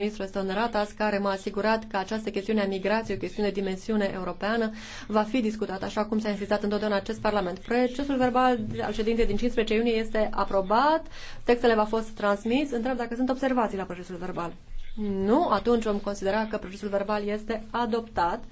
ministru Stoneratas, care m-a asigurat că această chestiune a migrației, o chestiune de dimensiune europeană, va fi discutată, așa cum s-a insistat întotdeauna acest Parlament. Procesul verbal al ședinței din 15 iunie este aprobat, textele v-au fost transmis. Întreb dacă sunt observații la procesul verbal. Nu? Atunci vom considera că procesul verbal este adoptat.